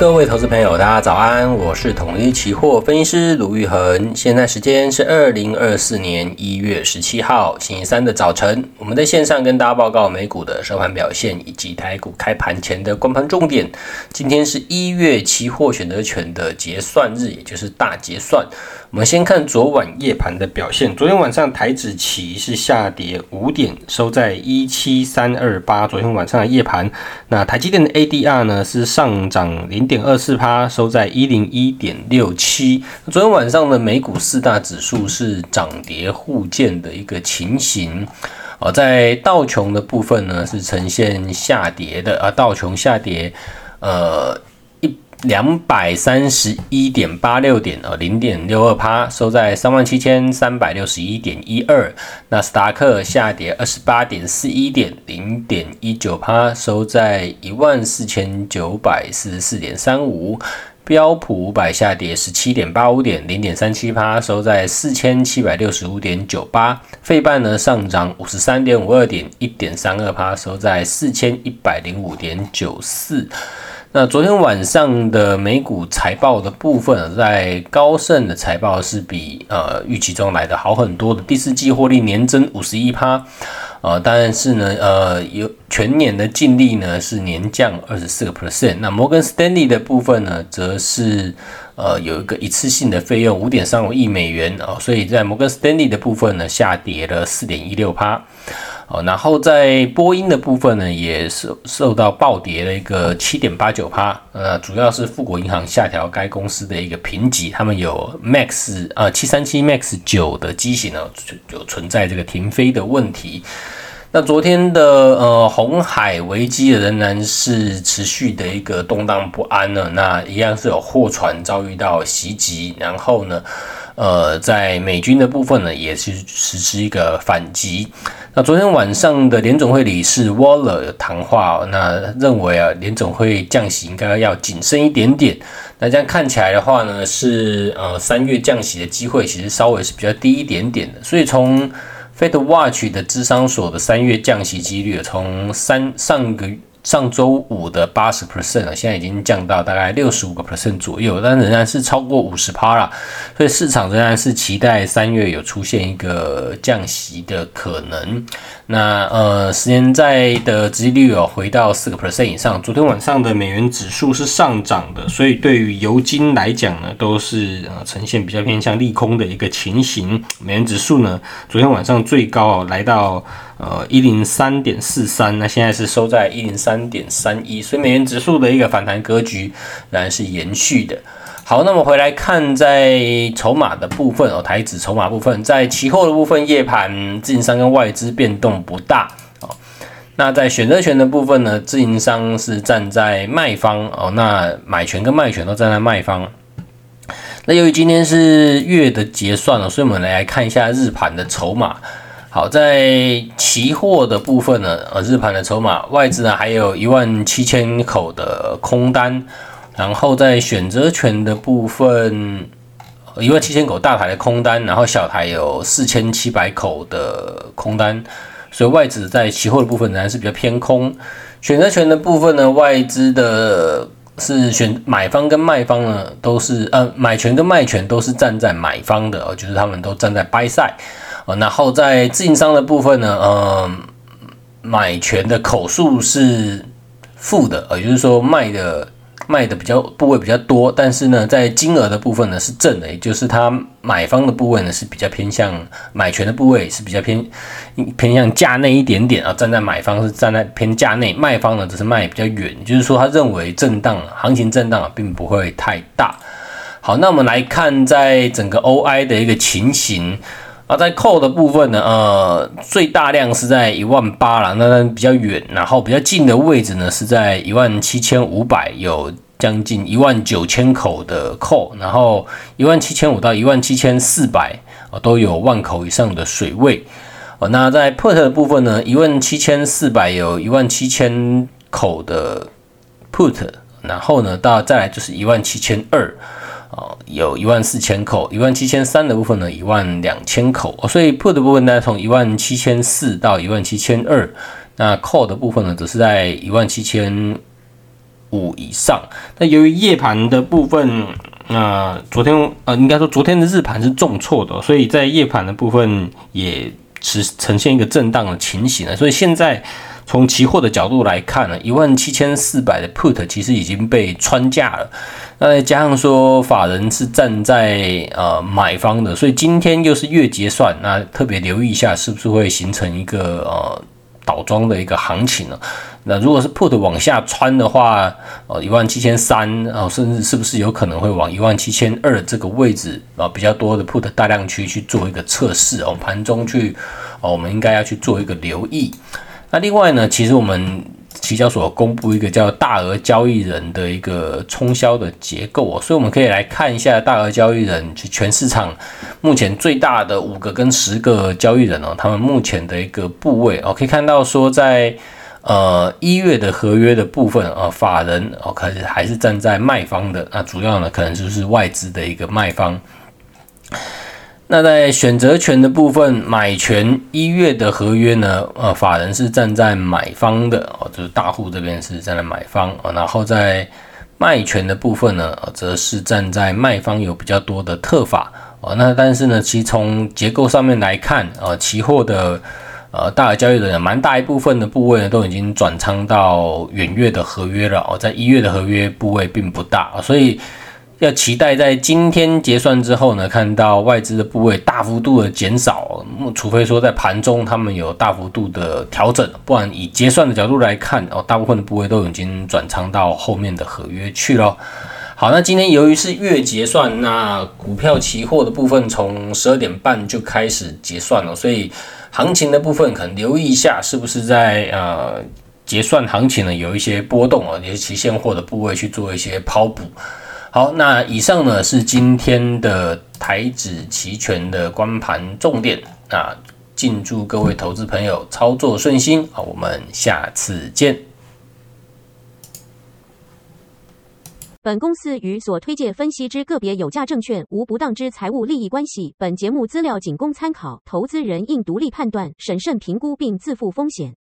各位投資朋友，大家早安！我是統一期貨分析師盧昱衡，現在時間是二零二四年一月十七號星期三的早晨。我們在線上跟大家報告美股的收盤表現以及台股開盤前的觀盤重點。今天是一月期貨選擇權的結算日，也就是大結算。我們先看昨晚夜盤的表現。昨天晚上台指期是下跌五點，收在一七三二八。昨天晚上的夜盤，那台積電的 ADR 呢是上漲零點二四%，收在一零一點六七。昨天晚上的美股四大指數是漲跌互見的一個情形。在道瓊的部分呢，是呈現下跌的啊，道瓊下跌，呃。兩百三十一點八六點，呃，零點六二趴收在三萬七千三百六十一點一二。納斯達克下跌二十八點四一點，零點一九趴，收在一萬四千九百四十四點三五。標普五百下跌十七點八五點，零點三七趴，收在四千七百六十五點九八。費半呢，上漲五十三點五二點，一點三二趴，收在四千一百零五點九四。那昨天晚上的美股財報的部分，在高盛的財報是比呃預期中來的好很多的，第四季獲利年增五十一趴。啊，當然是呢，呃，有全年的淨利呢是年降二十四個 percent。那摩根士丹利的部分呢，則是呃有一個一次性的費用五點三五億美元哦，所以在摩根士丹利的部分呢，下跌了四點一六趴。哦，然後在波音的部分呢，也受受到暴跌的一個七點八九趴呃，主要是富國銀行下調該公司的一個評級，他們有 Max 啊、呃、七三七 Max 九的機型呢、呃，有存在這個停飛的問題。那昨天的呃紅海危機仍然是持續的一個動盪不安了，那一樣是有貨船遭遇到襲擊，然後呢，呃，在美軍的部分呢，也是實施一個反擊。那昨天晚上的聯準會理事 Waller 的談話哦，那認為啊，聯準會降息應該要謹慎一點點。那這樣看起來的話呢，是呃三月降息的機會其實稍微是比較低一點點的。所以從 Fed Watch 的智商所的三月降息幾率，從三上個月。上周五的八十 percent 啊，現在已經降到大概六十五個 percent 左右，但仍然是超過五十趴啦，所以市場仍然是期待三月有出現一個降息的可能。那呃，十年債的殖利率有、哦、回到四個 percent 以上。昨天晚上的美元指數是上漲的，所以對於油金來講呢，都是呃呈現比較偏向利空的一個情形。美元指數呢，昨天晚上最高哦來到。呃，一零三點四三，那現在是收在一零三點三一，所以美元指數的一個反彈格局仍然是延續的。好，那我們回來看在籌碼的部分哦，台指籌碼部分在期後的部分夜盤，自營商跟外資變動不大哦。那在選擇權的部分呢，自營商是站在賣方哦，那買權跟賣權都站在賣方。那由於今天是月的結算了，所以我們來看一下日盤的籌碼。好，在期貨的部分呢，呃，日盤的籌碼外資呢還有一萬七千口的空單，然後在選擇權的部分，一萬七千口大台的空單，然後小台有四千七百口的空單，所以外資在期貨的部分還是比較偏空。選擇權的部分呢，外資的是選買方跟賣方呢都是呃、啊、買權跟賣權都是站在買方的，就是他們都站在 buy side。然後在自營商的部分呢，嗯、呃，買權的口數是負的，也就是說賣的賣的比較部位比較多，但是呢，在金額的部分呢是正的，也就是它買方的部位呢是比較偏向買權的部位是比較偏偏向價內一點點啊，站在買方是站在偏價內，賣方呢只是賣比較遠，就是說他認為震盪行情震盪並不會太大。好，那我們來看在整個 OI 的一個情形。那、啊、在扣的部分呢？呃，最大量是在一萬八啦，那比較遠。然後比較近的位置呢，是在一萬七千五百，有將近一萬九千口的扣。然後一萬七千五到一萬七千四百，都有萬口以上的水位。哦，那在 put 的部分呢？一萬七千四百有一萬七千口的 put，然後呢，到再來就是一萬七千二。哦，有一萬四千口，一萬七千三的部分呢，一萬兩千口，所以 put 的部分呢，從一萬七千四到一萬七千二，那 call 的部分呢，只是在一萬七千五以上。那由於夜盤的部分，那、呃、昨天呃，應該說昨天的日盤是重挫的，所以在夜盤的部分也是呈現一個震盪的情形。所以現在。從期貨的角度來看呢、啊，一萬七千四百的 put 其實已經被穿價了，那再加上說法人是站在呃買方的，所以今天又是月結算，那特別留意一下是不是會形成一個呃倒莊的一個行情呢、啊？那如果是 put 往下穿的話，哦、呃、一萬七千三啊、呃，甚至是不是有可能會往一萬七千二這個位置啊、呃、比較多的 put 大量區去做一個測試哦？盤、呃、中去哦、呃，我們應該要去做一個留意。那另外呢，其實我們期交所公布一個叫大額交易人的一個沖銷的結構、哦、所以我們可以來看一下大額交易人，就全市場目前最大的五個跟十個交易人哦，他們目前的一個部位哦，可以看到說在呃一月的合約的部分啊、哦，法人哦，可能還是站在賣方的，那、啊、主要呢可能就是外資的一個賣方。那在選擇權的部分，買權一月的合約呢？呃，法人是站在買方的哦，就是大戶這邊是站在買方、哦。然後在賣權的部分呢，則、哦、是站在賣方，有比較多的特法。哦，那但是呢，其實從結構上面來看，呃、哦，期貨的呃，大額交易的人蠻大一部分的部位呢，都已經轉倉到遠月的合約了哦，在一月的合約部位並不大，所以，要期待在今天結算之後呢，看到外資的部位大幅度的減少，除非說在盤中他們有大幅度的調整，不然以結算的角度來看，哦，大部分的部位都已經轉倉到後面的合約去了。好，那今天由於是月結算，那股票期貨的部分從十二點半就開始結算了，所以行情的部分可能留意一下，是不是在呃結算行情呢有一些波動啊，尤其期現貨的部位去做一些拋補。好，那以上呢是今天的台指期權的觀盤重點啊！那敬祝各位投資朋友操作順心，好，我們下次見。本公司與所推介分析之個別有價證券無不當之財務利益關係，本節目資料僅供參考，投資人應獨立判斷、審慎評估並自負風險。